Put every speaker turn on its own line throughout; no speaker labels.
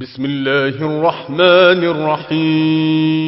bismillaahi rahmaani rahiim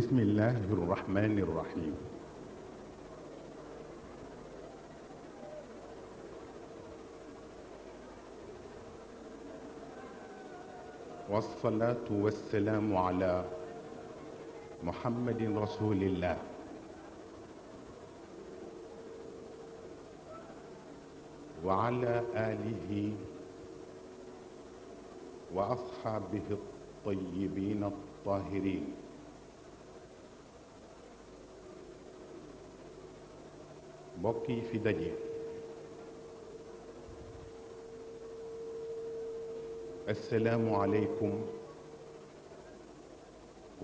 bismillahi irrahmani irrahim wasalaatu wasalaamu ala muhammadin rasulillah wa ala alihi wa asxaabihi الطيبين الطاهرين mbokk yi fi daje assalaamu aleykum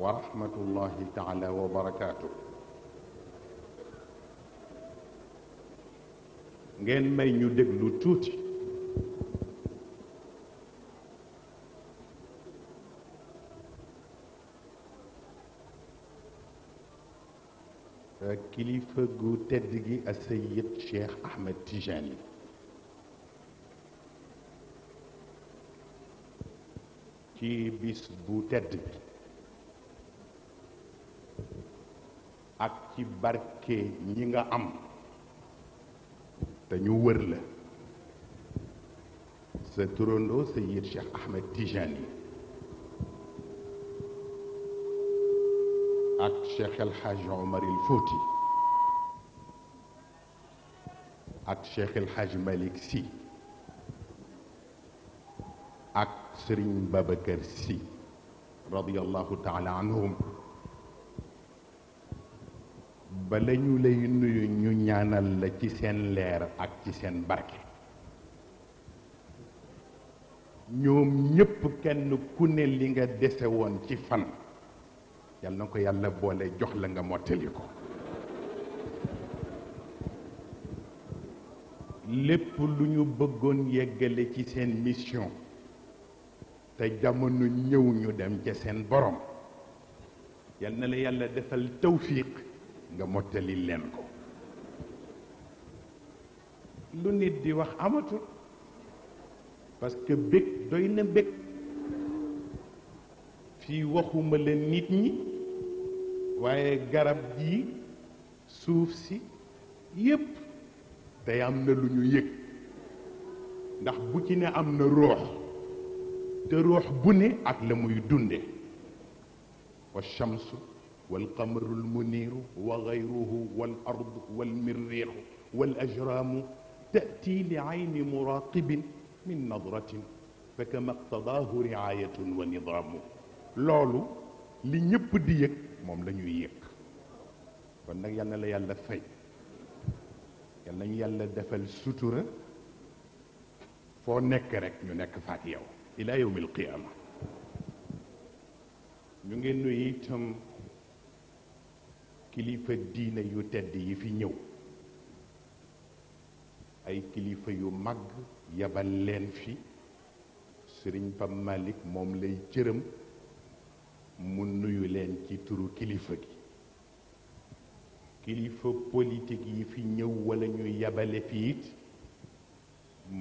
wa rahmatullahi taala wa barakaatu ngeen may ñu déglu tuuti kilifa gu tedd gi a sayid Cheikh Ahmed Tijani ci bis bu tedd bi ak ci barke ñi nga am dañu ñu wër la sa turandoo sayid Cheikh Ahmed Tijani ak Cheikh El Hadj Omar El Fouti ak Cheikh El Hadj Malick ak sëriñ Babacar si radiyallahu taala anhum bala ñu lay nuyu ñu ñaanal la ci seen leer ak ci seen barke ñoom ñépp kenn ku ne li nga dese woon ci fan yal na ko yàlla boole jox la nga mottali ko lépp lu ñu bëggoon yeggale ci seen mission te jamono ñëw ñu dem ca seen borom yal na la yàlla defal tawfiq nga mottali leen ko lu nit di wax amatul parce que bëgg doy na bëgg fii waxuma la nit ñi waaye garab gi suuf si yépp tey am na lu ñu yëg ndax bu ci ne am na ruux te ruux bu ak la muy dunde wa shamsu wal wa gayruhu wal ardu wal mirriixu wal ajraamu tati li ayni muraqibin min nadratin fa kama qtadaahu riayatun wa li ñëpp di yëg moom la ñuy yëg kon yal na la yàlla fay yal nañu yàlla defal sutura foo nekk rekk ñu nekk faat yow ila yawmil qiyaama ñu ngi nuyu itam kilifa diine yu tedd yi fi ñëw ay kilifa yu mag yabal leen fi sëriñ Pam Malick moom lay cëram mu nuyu leen ci turu kilifa gi kilifa politique yi fi ñëw walla ñu yabale fi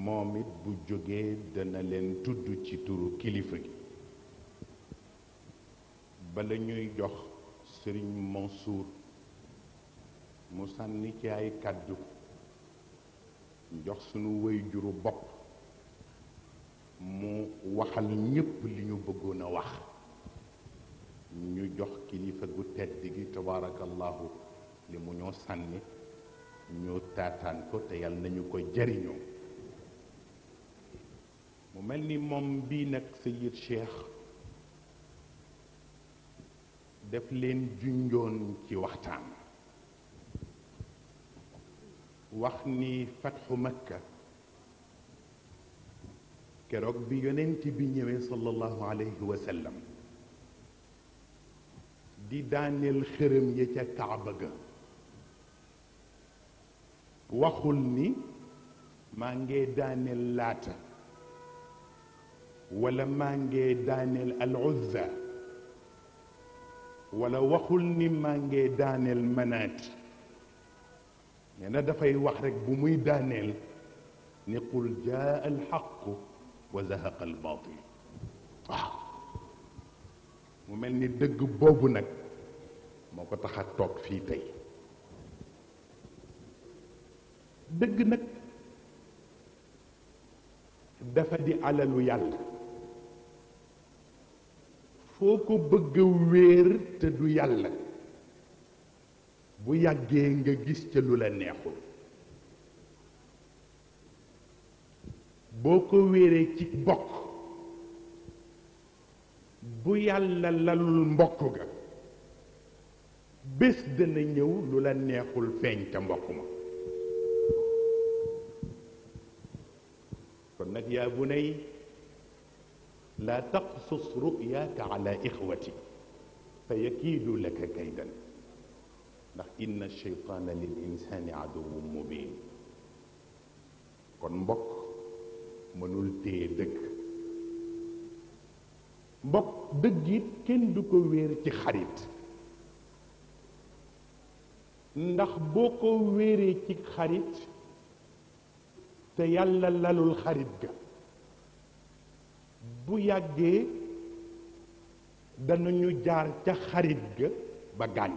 moom it bu jógee dana leen tudd ci turu kilifa gi bala ñuy jox sëriñ Mansour mu sànni ci ay kàddu jox sunu wëy juru bopp mu waxal ñépp li ñu bëggoon a wax ñu jox kilifa gu tedd gi tabaarakallahu li mu ñoo sànni ñu taataan ko te yàlla nañu ko jariñoo mu mel ni moom bii nag Sayid Cheikh def leen junjoon ci waxtaan wax ni fatxu makka keroog bi yonent bi ñëwee sallallahu alayhi wa di daaneel xërëm yi ca kaaba ga waxul ni maa ngee daaneel laata wala maa ngee daaneel al uzza wala waxul ni maa ngee daaneel manaat nee na dafay wax rekk bu muy daaneel ni qul jaa al xaq wa zahaqa al baatil waaw mu mel ni dëgg boobu nag moo ko tax a toog fii tey dëgg nag dafa di alalu yàlla foo ko bëgg wéer te du yàlla bu yàggee nga gis ca lu la neexul boo ko wéeree ci bokk bu yàlla lalul mbokk ga bés dana ñëw lu la neexul feeñ ca mbokk ma kon nag yaa bunay laa taqsus ruyaaka ala ixwati fa yakiidu laka kaydan ndax inna cheytaana lil insaani aduwu mubin kon mbokk mënul téye dëgg mbokk dëgg it kenn du ko wéer ci xarit ndax boo ko wéeree ci xarit te yàlla lalul xarit ga bu yàggee danañu jaar ca xarit ga ba gaañ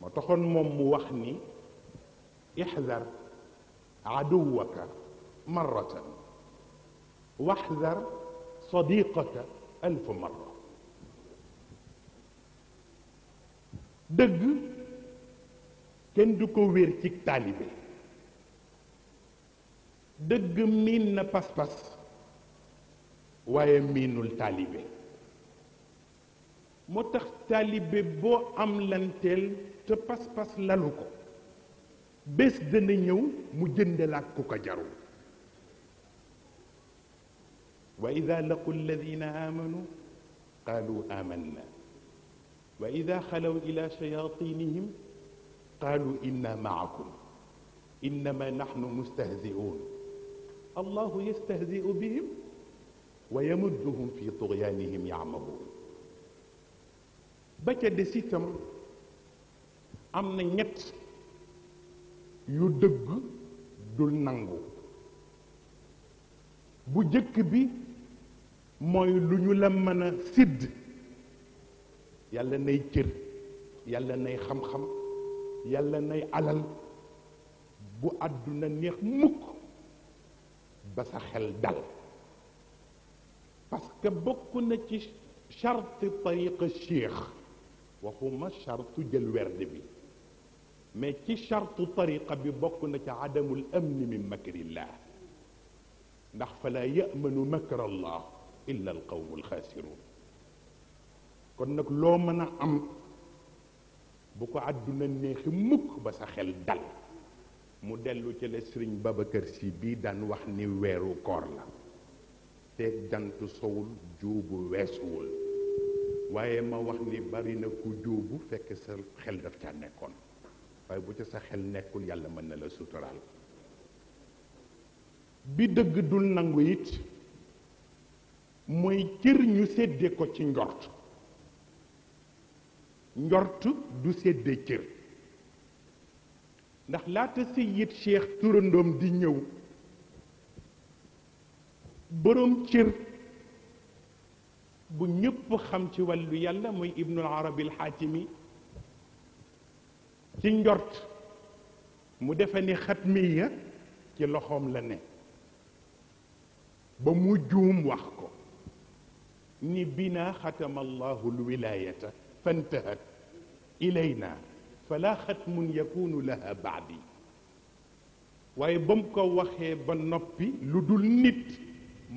la taxoon moom mu wax ni ixdar aduwaka marratan waxdar sadiqaka alfu marra dëgg kenn du ko wér ci taalibe dëgg miin na pas-pas waaye miinul taalibe moo tax taalibe boo am lanteel te pas-pas lalu ko bés dana ñëw mu jëndalaat ku ko jarul wa ida laqu alladina amanu qaalu amanna wa ida xalaw ila shayatinihim qaalu inna maakum innama naxnu mustahziun allahu yastahziu bihim wa yamudduhum fi tuxyaanihim yaamahuun ba ca des am na ñett yu dëgg dul nangu bu jëkk bi mooy lu ñu la mën a sidd yàlla nay cër yàlla nay xam-xam yàlla nay alal bu àdduna neex mukk ba sa xel dal parce que bokk na ci charte tariqa cheikh waxuma charte jël werde bi mais ci charte tariqa bi bokk na ci adamul amni min makrillah ndax fala yamanu makra allah illa al qawmu alxaasiruun kon nag loo mën a am bu ko àdduna neexi mukk ba sa xel dal mu dellu ci la sëriñ Babacar si bii daan wax ni weeru koor la teeg dantu sowul juubu weesuwul waaye ma wax ni bari na ku juubu fekk sa xel daf caa nekkoon waaye bu ca sa xel nekkul yàlla mën na la suturaal bi dëgg dul nangu yit mooy cër ñu séddee ko ci njort njort du séddee cër ndax laata Seyid Cheikh turandoom di ñëw boroom cër bu ñépp xam ci wàllu yàlla mooy ibnul arabi alxaatimi ci njort mu defa ni xatmiya ci loxoom la ne ba mu juum wax ko ni bina xatama alwilaayata fantahat ilayna fala xatmun yakunu laha baadi waaye ba mu ko waxee ba noppi lu dul nit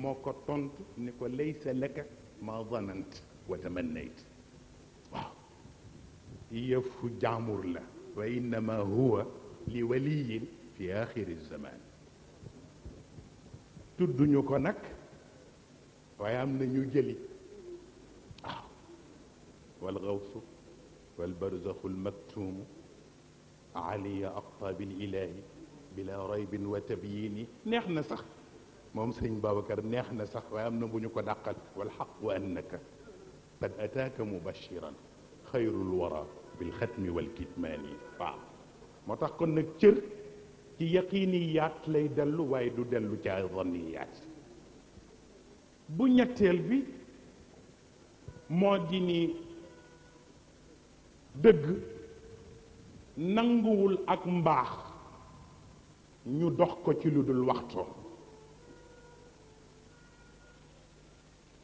moo ko tontu ni ko laysa laka ma zanant wa tamannayt waaw yëfu jaamur la wa innama huwa li waliyin fi axiri zaman tudduñu ko nag waaye am na ñu jëli waaw wal gawsu والبرزخ المكتوم علي أقطى بالإله بلا ريب وتبيين neex na sax moom sëñ Babacar neex na sax waaye am na bu ñu ko dàqal والحق أنك قد أتاك مبشرا خير الورى بالختم والكتمان waaw moo tax kon nag cër ci yaqiniyaat lay dellu waaye du dellu ci ay zanniyaat bu ñetteel bi moo di ni dëgg nanguwul ak mbaax ñu dox ko ci lu dul waxtoom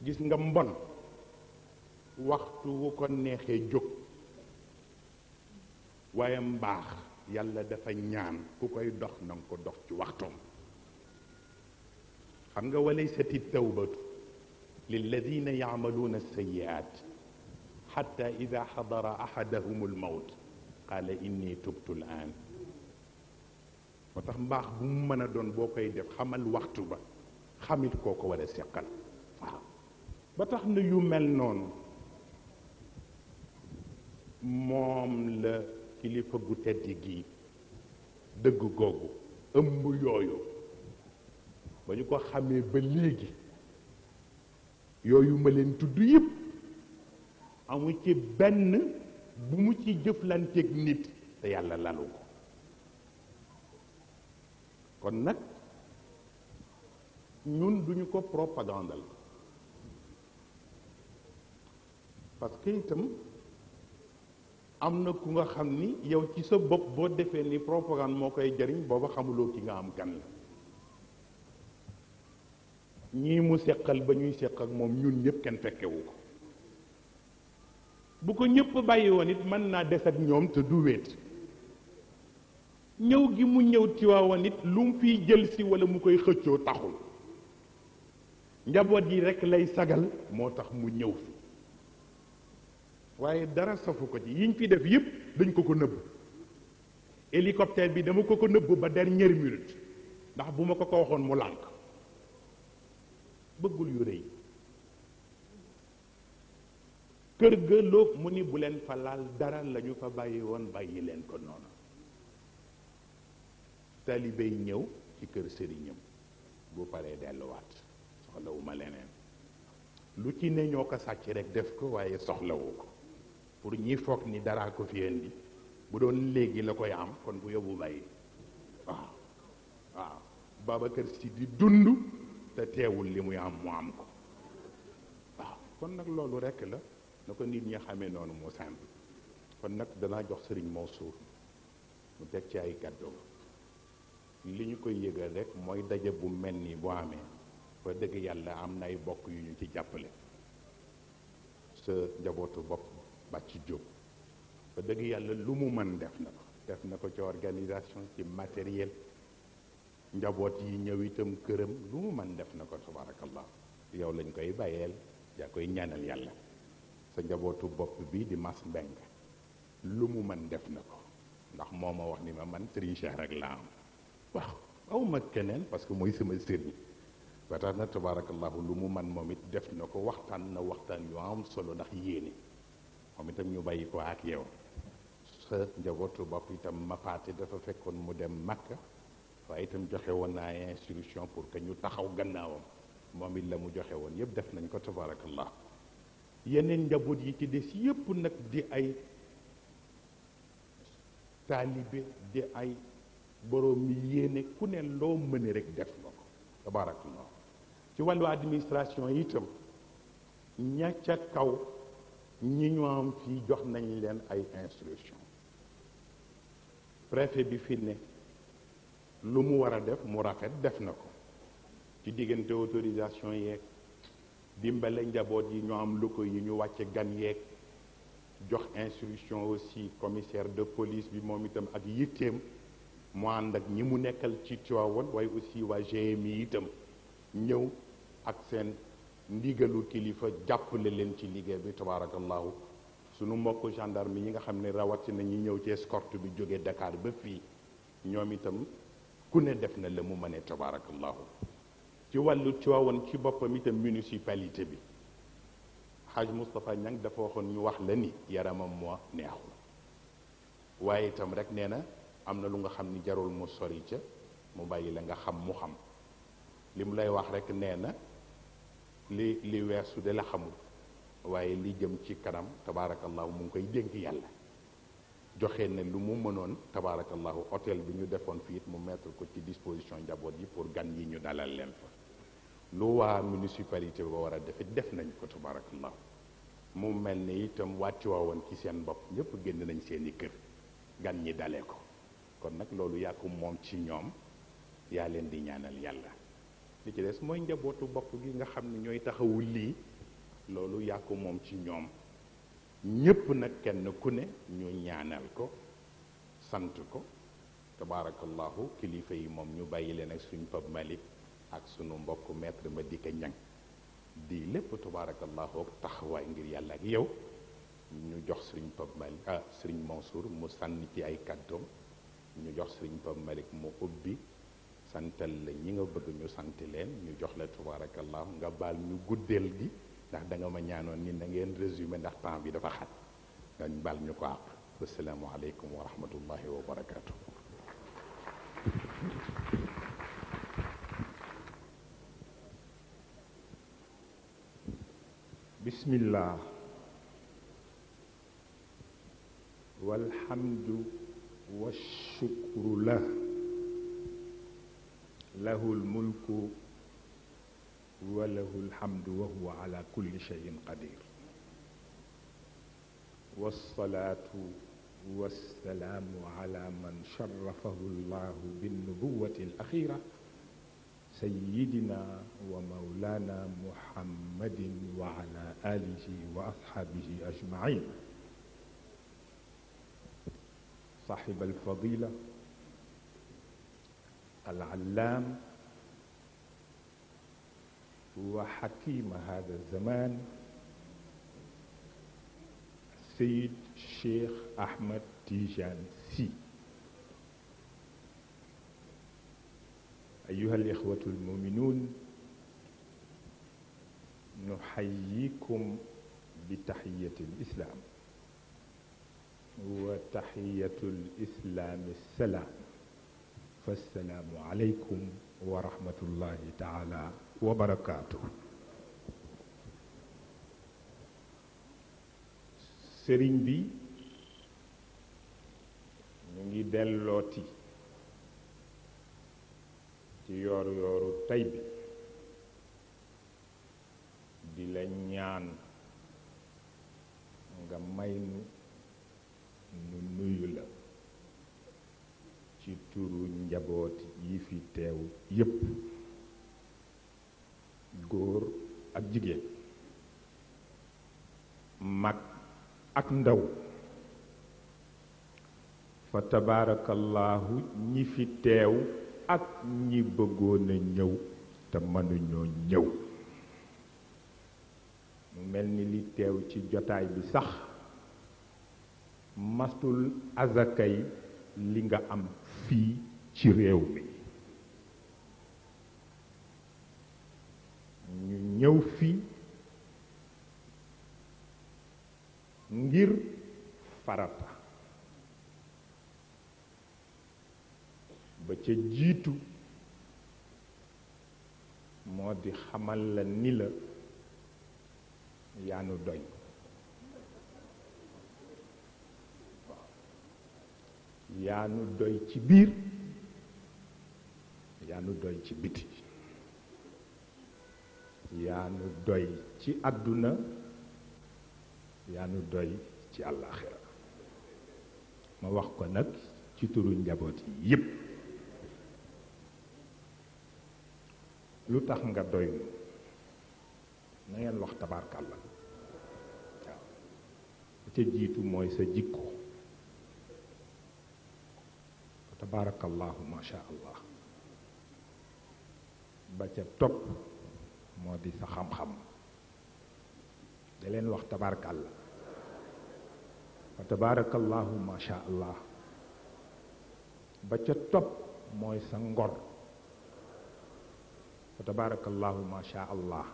gis nga mbon waxtu wu ko neexee jóg waaye mbaax yàlla dafa ñaan ku koy dox nanga ko dox ci waxtoom xam nga walaysati tawbatu lilladina yaamaluuna sayiat حتى إذا حضر أحدهم الموت قال إني تبت الآن moo tax mbaax bu mu mën a doon boo koy def xamal waxtu ba xamit koo ko war a waaw ba tax na yu mel noonu moom la kilifa gu tedd gi dëgg googu ëmb yooyu ba ñu ko xamee ba léegi yooyu ma leen tudd yépp amu ci benn bu mu ci jëflanteeg nit te yàlla lalu ko kon nag ñun duñu ko propagandal parce que itam am na ku nga xam ni yow ci sa bopp boo defee ni propagande moo koy jariñ booba xamuloo ki nga am kan la ñii mu seqal ba ñuy seq ak moom ñun ñëpp kenn fekkewu ko bu ko ñëpp bàyyi woon it mën naa des ak ñoom te du wéet ñëw gi mu ñëw Tiwaawan it lu mu fiy jël si wala mu koy xëccoo taxul njaboot yi rekk lay sagal moo tax mu ñëw fi waaye dara safu ko ci yiñ fi def yëpp dañ ko ko nëbb hélicoptère bi dama ko ko nëbb ba der dernière minute ndax bu ma ko ko waxoon mu lànk bëggul yu rëy kër ga loof mu ni bu leen fa laal dara lañu ñu fa bàyyi woon bàyyi leen ko noonu taalibe ñëw ci kër sëriñam bu paree delluwaat soxlawu ma leneen lu ci ne ñoo ko sàcc rek def ko waaye soxlawu ko pour ñi foog ni daraa ko fi indi bu doon léegi la koy am kon bu yóbbu bàyyi waaw waaw Babacar Si di dund te teewul li muy am mu am ko waaw kon nag loolu rekk la na ko nit ñi xamee noonu moo simple kon nag danaa jox sëriñ moo Mansour mu teg ci ay kàddoom li ñu koy yëgal rek mooy daje bu mel nii bu amee fa dëgg yàlla am na ay bokk yu ñu ci jàppale sa njabootu bopp bàcc jóg fa dëgg yàlla lu mu mën def na ko def na ko ci organisation ci matériel njaboot yi ñëw itam këram lu mu mën def na ko tabarakallah yow lañ koy bàyyeel yaa koy ñaanal yàlla sa njabootu bopp bi di mas mbeng lu mu man def na ko ndax moo ma wax ni ma man Serigne Cheikh rek laa am waaw ma keneen parce que mooy sama sëriñ ba tax na tabaarakallahu lu mu man moom it def na ko waxtaan na waxtaan yu am solo ndax yéene moom itam ñu bàyyi ko ak yow sa njabootu bopp itam ma paate dafa fekkoon mu dem Makka waaye itam joxe woon naa instruction pour que ñu taxaw gannaawam moom it la mu joxe woon yëpp def nañ ko tabaarakallahu yeneen njaboot yi ci des yépp nag di ay taalibe di ay boroom mi yéene ku ne loo mëne rekk def nga ko ci wàllu administration itam ña ca kaw ñi ñu am fii jox nañ leen ay instruction préfet bi fi ne lu mu war def mu rafet def na ko ci diggante autorisation yeeg dimbale njaboot yi ñoo am loko yi ñu wàcce gan yeeg jox instruction aussi commissaire de police bi moom itam ak yitteem mu ànd ak ñi mu nekkal ci Tivaouane waaye aussi waa GMI itam ñëw ak seen ndigalu kilifa jàpp jàppale leen ci liggéey bi tabarakallahu sunu mbokk gendarme yi nga xam ne rawatina ñi ñëw ci escorte bi jóge Dakar ba fii ñoom itam ku ne def na la mu mënee tabarakallahu ci wàllu Tiwaawan ci boppam itam municipalité bi xaaj Moustapha ñang dafa waxoon ñu wax la ni yaramam moo neexul waaye itam rek nee na am na lu nga xam ni jarul mu sori ca mu bàyyi la nga xam mu xam li mu lay wax rek nee na li li weesu de la xamul waaye li jëm ci kanam tabaarakallahu mu ngi koy dénk yàlla joxe na lu mu mënoon tabaarakallahu hôtel bi ñu defoon fii mu mettre ko ci disposition njaboot yi pour gan yi ñu dalal leen fa lu waa municipalité ba war a defe def nañ ko tabarakallahu mu mel ni itam wàcci waawoon ci seen bopp ñëpp génn nañ seeni kër gan ñi dale ko kon nag loolu yàqu moom ci ñoom yaa leen di ñaanal yàlla li ci des mooy njabootu bopp gi nga xam ni ñooy taxawul lii loolu yàqu moom ci ñoom ñëpp nag kenn ku ne ñu ñaanal ko sant ko tabaarakallahu kilifa yi moom ñu bàyyi leen ak suñ Pape Malick ak sunu mbokk maître ma dikk ka di lépp tabarakallahu tax waay ngir yàlla ak yow ñu jox sëriñ Pape Malick ah sëriñ Mansour mu sànni ci ay kàddoom ñu jox sëriñ Pape Malick mu ubbi santal la ñi nga bëgg ñu sant leen ñu jox la tabarakallahu nga baal ñu guddeel gi ndax danga ma ñaanoon ni na ngeen résumé ndax temps bi dafa xat dañ baal ñu ko àq wasalaamualeykum wa rahmatullahi wa barakaatu. bismillah walhamdu washukru lah lahu lmulku wa lahu lhamdu wa huwa ala kulli cheyin qadir wasalaatu wasalaamu ala man sharafahu llahu binnubuwati alaxira سيدنا ومولانا محمد وعلى آله وأصحابه أجمعين صاحب الفضيلة العلام وحكيم هذا الزمان السيد الشيخ أحمد تيجان سي أيها الإخوة المؤمنون نحييكم بتحية الإسلام وتحية الإسلام السلام فالسلام عليكم ورحمة الله تعالى وبركاته سرين بي نجي دلوتي ci yooru yooru tey bi di la ñaan nga may nu nu nuyu la ci turu njaboot yi fi teew yépp góor ak jigéen mag ak ndaw fa tabaarakallaahu ñi fi teew ak ñi bëggoon a ñëw te mënuñoo ñëw mu mel ni li teew ci jotaay bi sax mastul azakay li nga am fii ci réew mi ñu ñëw fii ngir farata ba ca jiitu moo di xamal la ni la yaanu doy yaanu doy ci biir yaanu doy ci biti yaanu doy ci àdduna yaanu doy ci àllaaxira ma wax ko nag ci turu njaboot yi yépp lu tax nga doylu na ngeen wax tabaarkàlla waaw ca jiitu mooy sa jikko tabaarakallaahu masha ba ca topp moo di sa xam-xam leen wax tabaarkàlla fa tabaarakallaahu masha allah ba ca topp mooy sa ngor fa tabaarakallaahu macha allah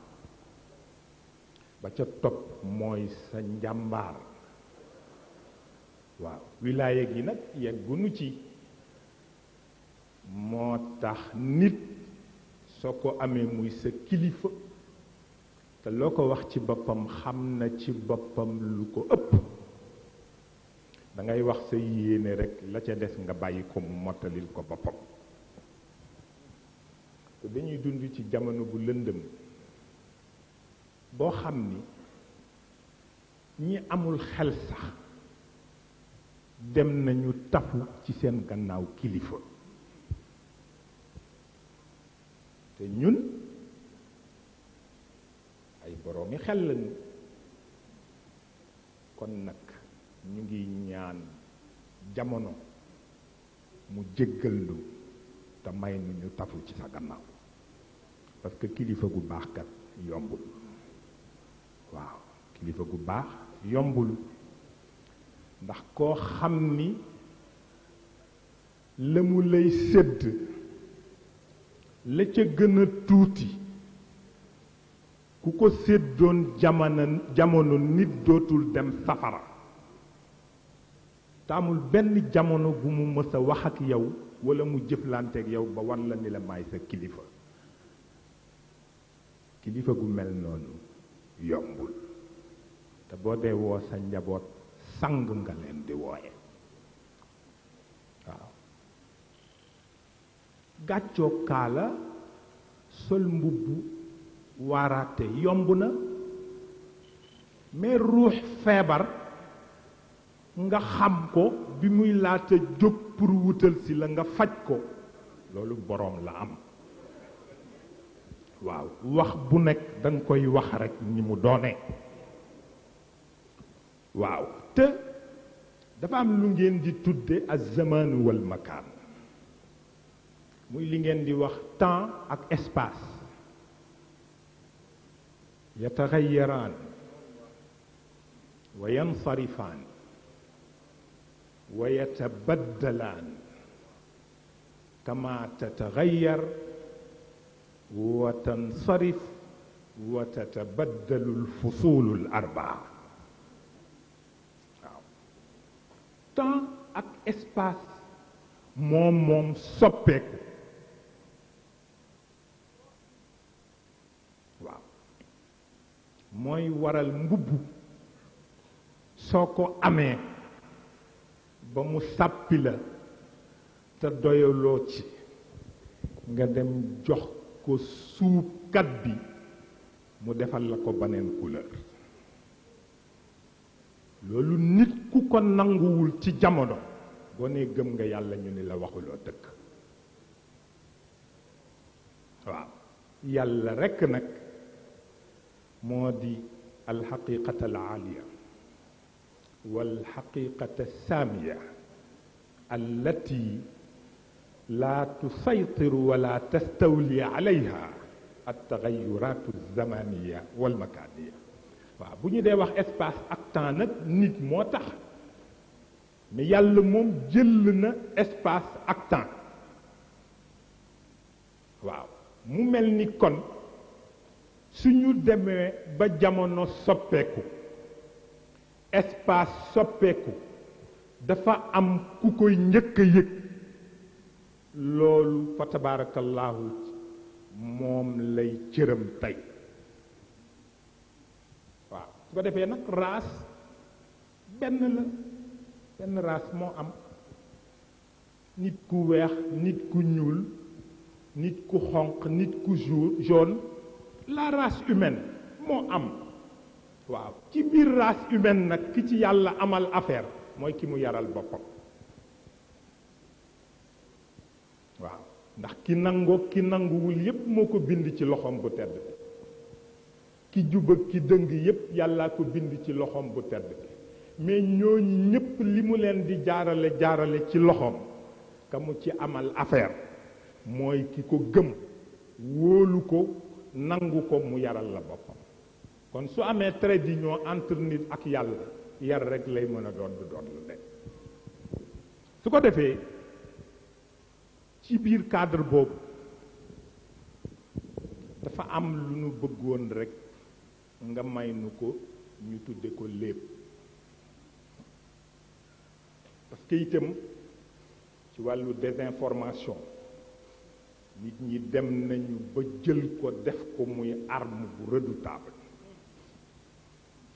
ba ca topp mooy sa njàmbaar waaw wilaaya gi nag yeggunu ci moo tax nit soo ko amee muy sa kilifa te loo ko wax ci boppam xam na ci boppam lu ko ëpp dangay wax sa yéene rekk la ca des nga bàyyi ko mu mottalil ko boppam dañuy dund ci jamono bu lëndëm boo xam ni ñi amul xel sax dem nañu tafu ci seen gannaaw kilifa te ñun ay boroomi xel lañu kon nag ñu ngi ñaan jamono mu jéggal lu te may nu ñu tafu ci sa gannaaw parce kilifa gu baaxkat kat yombul waaw kilifa gu baax yombul ndax koo xam ni la mu lay sédd la ca gën a tuuti ku ko séddoon jamono jamono nit dootul dem safara te benn jamono bu mu mës a wax ak yow wala mu jëflanteeg yow ba war la ni la maay sa kilifa kilifa gu mel noonu yombul te boo dee woo sa njaboot sang nga leen di wooye waaw gàccoo kaala sol mbubb waaraate yomb na mais ruux feebar nga xam ko bi muy laata jóg pour wutal si la nga faj ko loolu boroom la am waaw wax bu nekk danga koy wax rekk ni mu doone waaw te dafa am lu ngeen di tudde ak zaman wal makaan muy li ngeen di wax temps ak espace yataxayaraan wa yansarifaan wa yatabaddalaan kama tataxayar وتنصرف وتتبدل الفصول الأربعة waaw temps ak espace moom moom soppeeku waaw mooy waral mbubb soo ko amee ba mu sàppi la te doyaloo ci nga dem jox ko suubkat bi mu defal la ko beneen couleur loolu nit ku ko nanguwul ci jamono boo gëm nga yàlla ñu ni la waxuloo dëkk waaw yàlla rekk nag moo di alxaqiqata al aaliya wal xaqiqata saamiya allati laa tusaytiru wala tastawli alayha altagayuraatu alzamaniya walmakaaniya waaw bu ñu dee wax espace ak temps nag nit moo tax mi yàlla moom jël na espace ak temps waaw mu mel ni kon suñu demee ba jamono soppeeku espace soppeeku dafa am ku koy njëkka a yëg loolu fa tabaarakallaahu moom lay cëram tey waaw su ko defee nag raas benn la benn raas moo am nit ku weex nit ku ñuul nit ku xonq nit ku jaune la race humaine moo am waaw ci biir race humaine nag ki ci yàlla amal affaire mooy ki mu yaral boppam waaw ndax ki nangoo ki nanguwul yépp moo ko bind ci loxoom bu tedd bi ki jub ak ki dëng yépp yàllaa ko bind ci loxoom bu tedd bi mais ñooñu ñépp li mu leen di jaarale jaarale ci loxoom ka mu ci amal affaire mooy ki ko gëm wóolu ko nangu ko mu yaral la boppam kon su amee trait d'union entre nit ak yàlla yar rek lay mën a doon du doon lu de su ko defee ci biir cadre boobu dafa am lu nu bëggoon rekk nga may nu ko ñu tudde ko léeb parce que itam ci wàllu désinformation nit ñi dem nañu ba jël ko def ko muy arme bu redoutable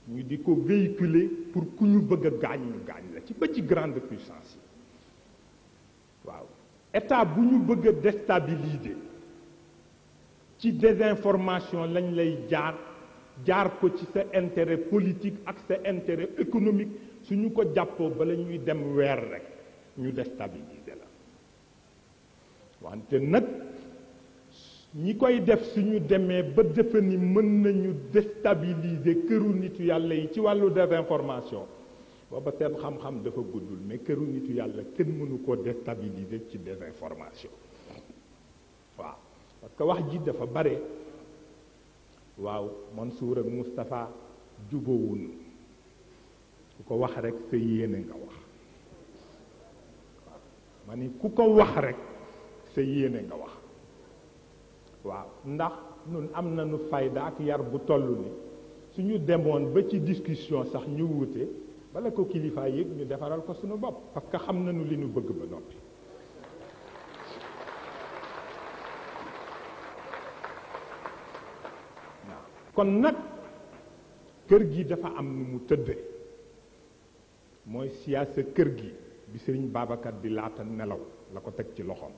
ñu di ko véhiculer pour ku ñu bëgg a gaañ ñu gaañ la ci ba ci grande puissance yi waaw état bu ñu bëgg a déstabiliser ci désinformation lañ lay jaar jaar ko ci sa intérêt politique ak sa intérêt économique su ñu ko jàppoo bala ñuy dem weer rek ñu déstabiliser la wante nag ñi koy def suñu demee ba defe ni mën nañu déstabiliser këru nitu yàlla yi ci wàllu désinformation booba seen xam-xam dafa guddul mais këru nitu yàlla kenn mënu koo déstabiliser ci désinformation waaw parce que wax ji dafa bare waaw Mansour ak Moustapha jubawuñu ku ko wax rek sa ku ko wax rek sa yéene nga wax waaw ndax nun am nañu fayda ak yar bu toll ni ñu demoon ba ci discussion sax ñu wute bala ko kilifa yëg ñu defaral ko sunu bopp parce que xam nañu li ñu bëgg ba noppi kon nag kër gi dafa am nu mu tëdd mooy siyaasa kër gi bi sëriñ baabakat di laata nelaw la ko teg ci loxoom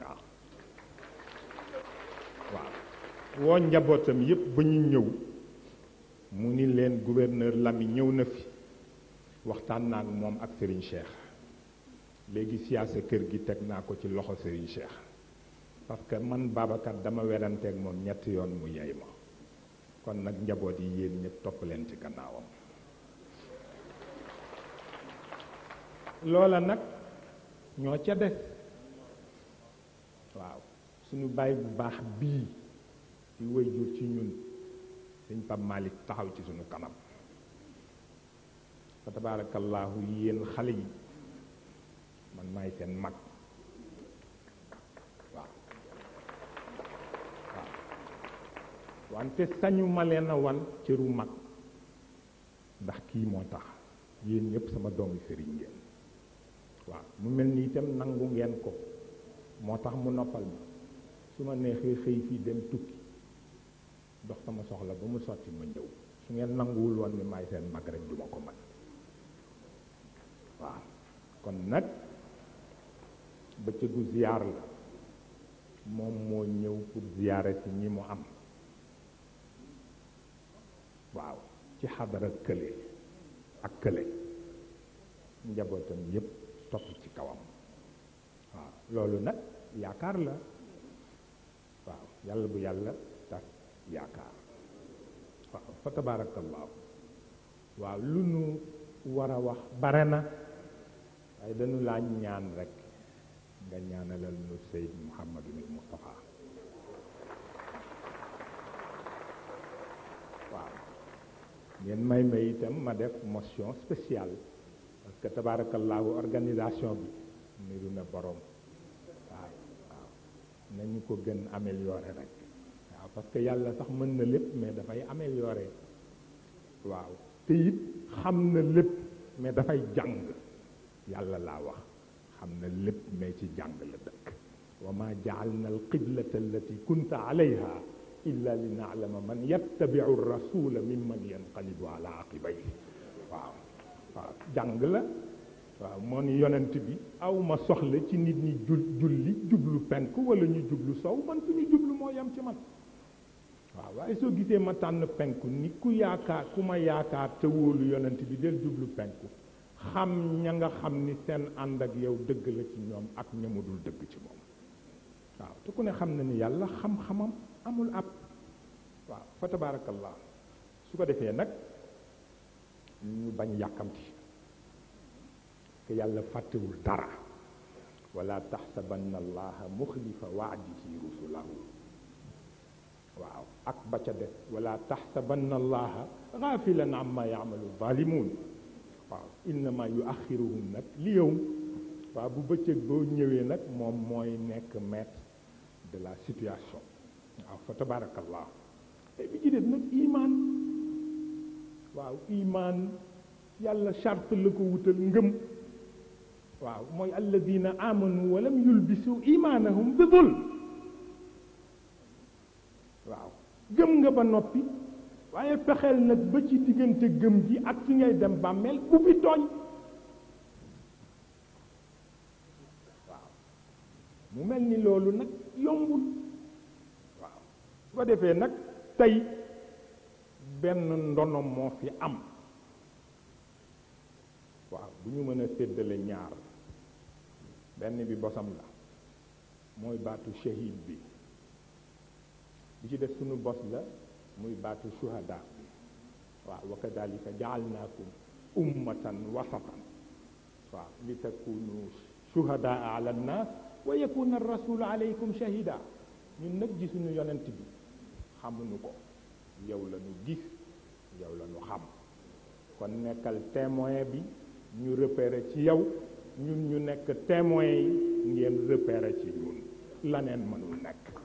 waaw waaw woo njabootam yépp ba ñu ñëw mu ni leen gouverneur Lami ñëw na fi waxtaan naa ak moom ak Serigne Cheikh léegi siyaasa kër gi teg naa ko ci loxo Serigne Cheikh parce que man Babacar dama weranteeg moom ñetti yoon mu yey ma kon nag njaboot yi yéen ñëpp topp leen ci gannaawam loola nag ñoo ca des waaw suñu baay bu baax bii di wéy jur ci ñun sëñ Pape Malick taxaw ci suñu kanam fa tabaarakallaahu yéen xale yi man maay seen mag waaw waaw wante sañuma leen a wan cëru mag ndax kii moo tax yéen ñëpp sama doomi sëriñ ngeen waaw mu mel ni itam nangu ngeen ko moo tax mu noppal ma su ma neexee xëy fii dem tukki dox sama soxla ba mu sotti ma ñëw su ngeen nanguwul woon ni maay seen mag rek duma ko man waaw kon nag bëccëgu ziyaar la moom moo ñëw pour ziyaare ci ñi mu am waaw ci xadara kële ak kële njabootam yépp topp ci kawam waaw loolu nag yaakaar la waaw yàlla bu yàlla tax yaakaar fa tabaarakallaahu waaw lu nu war a wax bare na waaye dañu laaj ñaan rek nga ñaanalal nu Seyd Muhammadul Mustafa waaw ngeen may may itam ma def motion spéciale parce que tabaarakallaahu organisation bi niru na borom waaw waaw nañu ko gën améliorer rek parce que yàlla sax mën na lépp mais dafay améliorer waaw te it xam na lépp mais dafay jàng yàlla laa wax xam na lépp mais ci jàng la dëkk wa ma jaalna alqiblata allati kunta alayha illa li naalama man la waaw moo yonent bi aw ma soxla ci nit ñi jul julli jublu penk wala ñu jublu sow man fu jublu moo yem ci man waaw waaye soo gisee ma tànn penku ni ku yaakaar ku ma yaakaar te wóolu yonent bi del jublu penku xam ña nga xam ni seen ànd ak yow dëgg la ci ñoom ak ñamu dul dëgg ci moom waaw te ku ne xam na ni yàlla xam-xamam amul ab waaw fa tabaarakallah su ko defee nag ñu bañ yàkkamti te yàlla fàttewul dara wala taxsabanna allaha muxlifa waadihi rusulahu waaw ak ba ca des wala taxsabanna allaha gaafilan amma yaamalu zaalimuun waaw innama yuaxiruhum nag li yow waaw bu bëccëg boo ñëwee nag moom mooy nekk maître de la situation waaw fa tabarakallah te bi ci nag imaan waaw imaan yàlla charte la ko wutal ngëm waaw mooy alladina amanu walam yulbisu imaanahum bi zulm gëm nga ba noppi waaye fexeel nag ba ci diggante gëm gi ak fi ngay dem bàmmeel bu fi tooñ waaw mu mel ni loolu nag yombul waaw su ko defee nag tey benn ndono moo fi am waaw bu ñu mën a séddale ñaar benn bi bosam la mooy baatu shahid bi bi ci def suñu bos la muy baatu shuhada waaw wa kadalika jaalnaakum ummatan wasatan waaw li takunu shuhadaa ala nnaas wa yakuna arrasulu alaykum shahida ñun nag gisuñu yonent bi xamuñu ko yow la ñu gis yow la ñu xam kon nekkal témoin bi ñu repéré ci yow ñun ñu nekk témoin yi ngeen repéré ci ñun laneen mënul nekk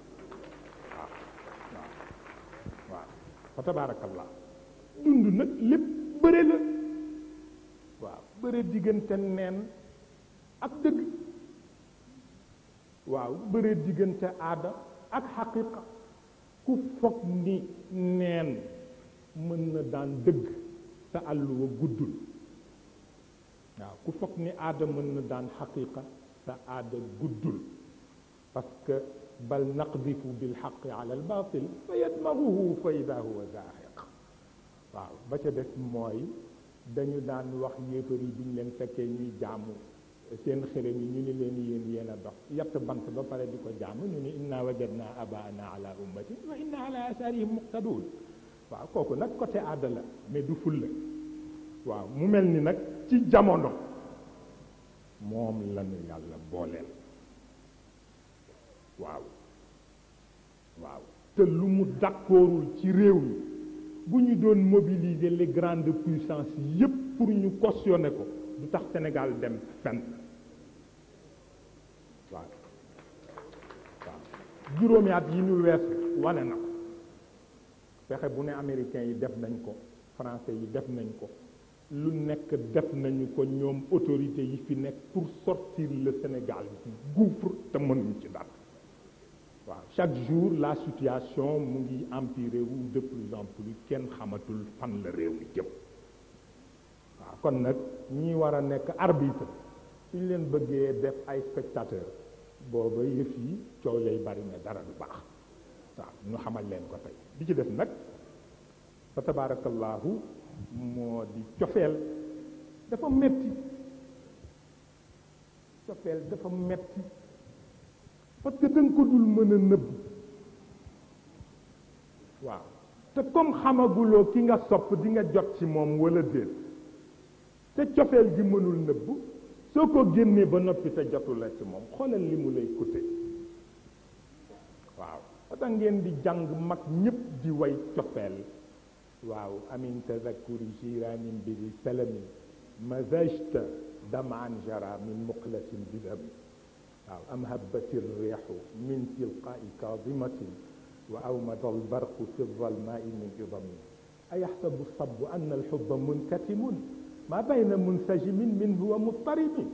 fa tabaarakallaa dund nag lépp bëre la waaw bëre diggante neen ak dëgg waaw bëre diggante aada ak xaqiqa ku foog ni neen mën na daan dëgg te àlluwa guddul waaw ku foog ni aada mën na daan xaqiqa sa aada guddul parce bal naqdifu bi ala albatil fa yadmaguhu fa ida waaw ba ca des mooy dañu daan wax yéefar yi bi ñu leen fekkee ñuy jàmm seen xërëm yi ñu ni leen yéen yéen a dox yatt bant ba pare di ko jàmm ñu ni inna wajadna abaana ala ummatin
wa inna ala asarihim
muqtadun waaw kooku nag côté aada la mais du fulla waaw mu mel ni nag ci jamono moom lañu yàlla booleel waaw waaw te lu mu d'accordul ci réew mi bu ñu doon mobiliser les grandes puissances yépp pour ñu cautionner ko du tax Sénégal dem fenn waaw waaw juróomi at yi ñu weesu wane na ko fexe bu ne américains yi def nañ ko français yi def nañ ko lu nekk def nañu ko ñoom autorité yi fi nekk pour sortir le Sénégal du gouffre te mënuñ ci dal waaw chaque jour la situation mu ngi empiré wu dëpp plus en kenn xamatul fan la réew mi jëm waaw kon nag ñi war a nekk arbitre suñ leen bëggee def ay spectateur booba yëf yi coow lay bari ne dara du baax waaw ñu xamal leen ko tey di ci def nag fa tabarakallahu moo di cofeel dafa metti cofeel dafa metti parce que da ko dul mën a nëbb waaw te comme xamaguloo ki nga sopp di jot ci moom wala déet te cofeel gi mënul nëbb soo ko génnee ba noppi te jotula ci moom xoolal li mu lay coûté waaw ata ngeen di jàng mag ñépp di way cofeel waaw amin tazakuri jiranin bi di salamin mazajta damaan jara min muqlatin bidami waaw am habbati riixu min tilqaai kaadimatin wa awmada albarqu fi dalmaai min idami ayaxsabu sabbu anna alxubba munkatimun ma bayna munsajimin minhu wa muttaribin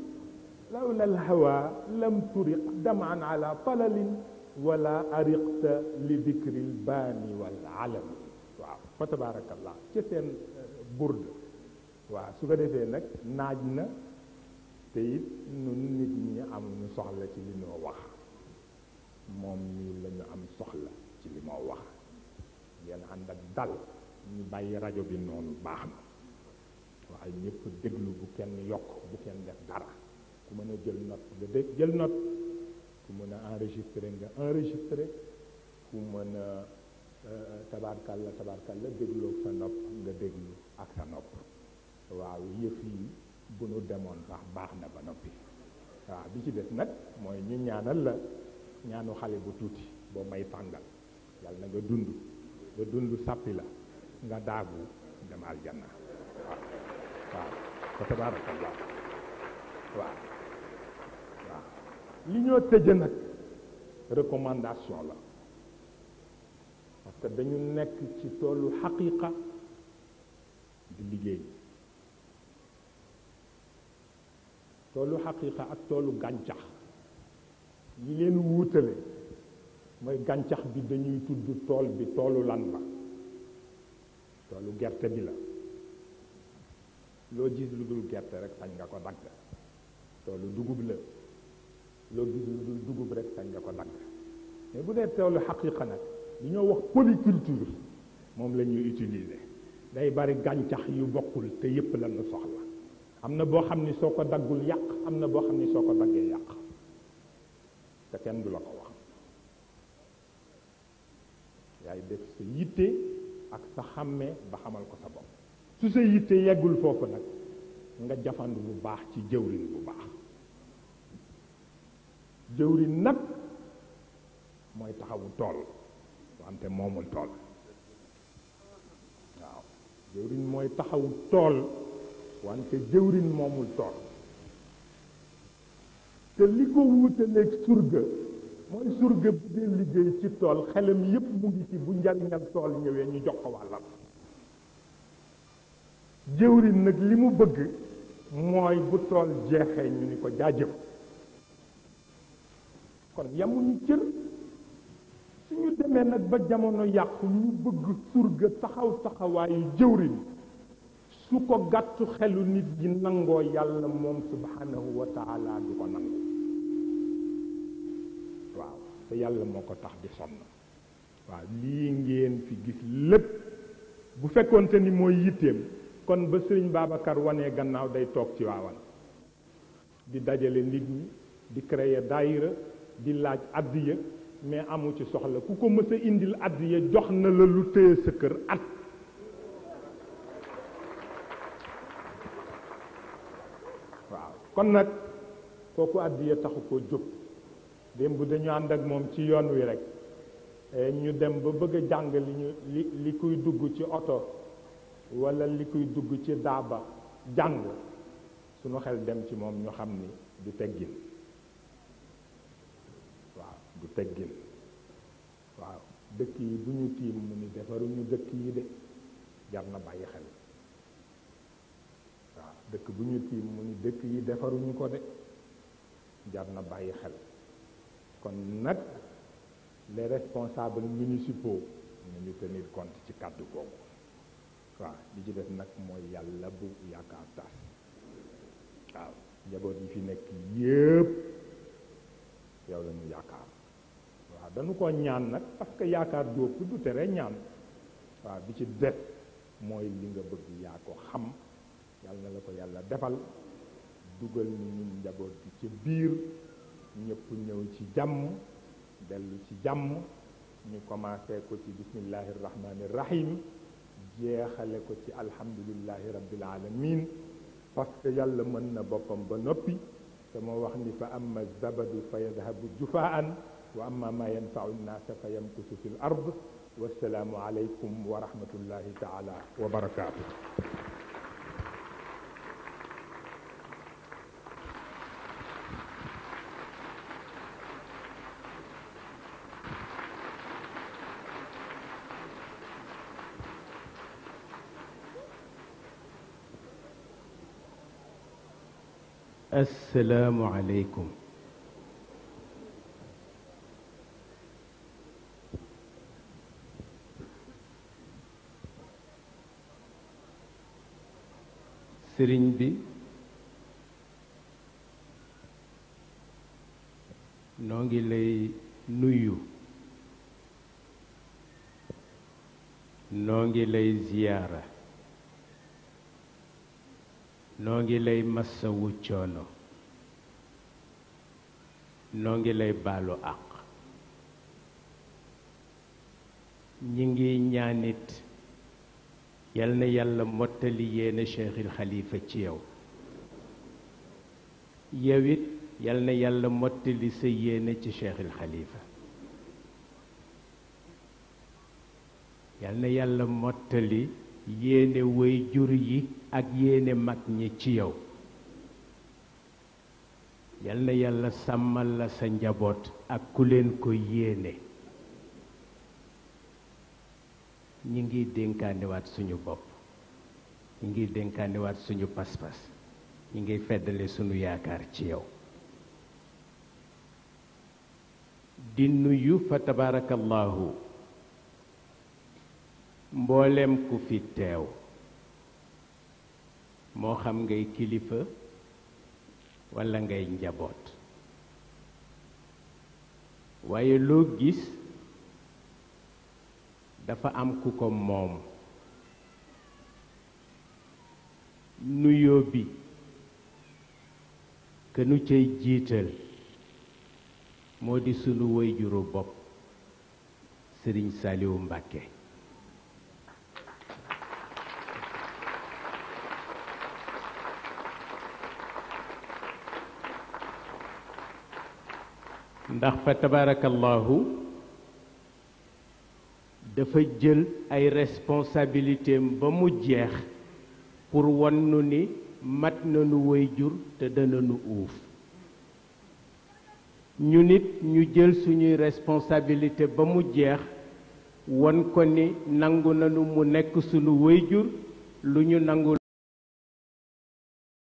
lawla alhawa lam turiq daman ala talalin wala ariqta li dikri albaani walalami waaw fa tabaarakallah ci seen eh, burd waaw su ko defee nag naaj na te it nun nit ñi am soxla ci li ñoo wax moom mii la ñu am soxla ci li moo wax ngeen ànd ak dal ñu bàyyi rajo bi noonu baax na waaye ñëpp déglu bu kenn yokk bu kenn def dara ku mën a jël note nga dégg jël note ku mën a enregistré nga enregistré ku mën a euh, tabarkalla tabarkalla dégloo sa nopp nga déglu ak sa nopp waaw yëf yi bu nu demoon sax baax na ba noppi waaw bi ci des nag mooy ñu ñaanal la ñaanu xale bu tuuti boo may tàngal yàlla na nga dund ba dund sàppi la nga daagu dem aljanna waaw waaw fa tabaarakallah waaw waaw li ñoo tëje nag recommandation la parce que dañu nekk ci toolu xaqiqa di liggéey toolu xaqiqa ak toolu gàncax li leen wuutale mooy gàncax bi dañuy tudd tool bi toolu lan la toolu gerte bi la loo gis lu dul gerte rek sañ nga ko dagg toolu dugub la loo gis lu dul dugub rek sañ nga ko dagg mais bu dee toolu xaqiqa nag du ñoo wax polyculture moom la ñuy utiliser day bari gàncax yu bokkul te yépp la ñu soxla am na boo xam ni soo ko daggul yàq am na boo xam ni soo ko daggee yàq te kenn du la ko wax yaay def sa yitte ak sa xàmmee ba xamal ko sa bopp su sa yitte yeggul foofu nag nga jafandu bu baax ci jëwriñ bu baax jëwriñ nag mooy taxawu tool wante moomul tool waaw jëwriñ mooy taxawu tool wante jëwrin moomul tool te li ko wuutaleeg surga mooy surga bu dee liggéey ci tool xelam yépp mu ngi ci bu njariñal tool ñëwee ñu jox ko wàllam jëwrin nag li mu bëgg mooy bu tool jeexee ñu ni ko jaajëf kon yamuñu cër suñu demee nag ba jamono yàqu ñu bëgg surga taxaw taxawaayu jëwrin su ko gàttu xelu nit gi nangoo yàlla moom subhanahu wa taala du ko nangu waaw te yàlla moo ko tax di sonn waaw lii ngeen fi gis lépp bu fekkoonte ni mooy yitteem kon ba sëriñ Babacar wane gannaaw day toog ci waawan di dajale nit ñi di créer daayira di laaj addiya mais amu ci soxla ku ko mës a indil addiya jox na la lu téye sa kër at kon nag kooku àddiya taxu koo jóg démb dañu ànd ak moom ci yoon wi rek eh, ñu dem ba bëgg jàng li ñu li li kuy dugg ci oto walla li kuy dugg ci daaba jàng suñu xel dem ci moom ñu xam ni du teggin waaw du teggin waaw dëkk yi bu ñu tiim mu ni ñu dëkk yi de jar na bàyyi xel dëkk bu ñu tiim mu ni dëkk yi defaruñu ko de jar na bàyyi xel kon nag les responsables municipaux nañu tenir compte ci kàddu kooku waaw li ci def nag mooy yàlla bu yaakaar tas waaw njaboot yi fi nekk yépp yow la ñu yaakaar waaw dañu ko ñaan nag parce que yaakaar doo ku du tere ñaan waaw bi ci def mooy li nga bëgg yaa ko xam yàlla na la ko yàlla defal dugal ñu ñun njaboot bi ci biir ñëpp ñëw ci jàmm dellu ci jàmm ñu commencé ko ci bismillahi rahmani rahim jeexale ko ci alhamdulillahi rabbil alamin parce que yàlla mën na boppam ba noppi sama wax ni fa amma zabadu fa yadhabu jufaan wa amma ma yanfau nnaasa fa yamkusu fi l ard wassalaamu aleykum wa rahmatullahi taala wa barakaatu
assalaamu aleykum sëriñ bi noo ngi lay nuyu noo ngi lay ziyaara noo ngi lay massawu coono noo ngi lay baalu àq ñi ngi ñaanit yal na yàlla mottali yéene Cheikhil Khalifa ci yow yow it yal na yàlla mottali sa yéene ci Cheikhil xalifa yal na yàlla mottali yéene way jur yi ak yéene mag ñi ci yow yal na yàlla sàmmal la sa njaboot ak ku leen ko yéene ñi ngi dénkaaniwaat suñu bopp ñi ngi dénkaaniwaat suñu pas-pas ñi ngi feddale suñu yaakaar ci yow di nuyu fa tabaarakallaahu mboolem ku fi teew moo xam ngay kilifa walla ngay njaboot waaye loo gis dafa am ku ko moom nuyoo bi ke nu cay jiital moo di sunu wayjuru bopp Sëriñ Saliou Mbàkke ndax fa tabarakallahu dafa jël ay responsabilitéem ba mu jeex pour won nu ni mat nanu waajur te dananu uuf ñu nit ñu jël suñuy responsabilité ba mu jeex wan ko ni nangu nanu mu nekk sunu waajur lu ñu nangu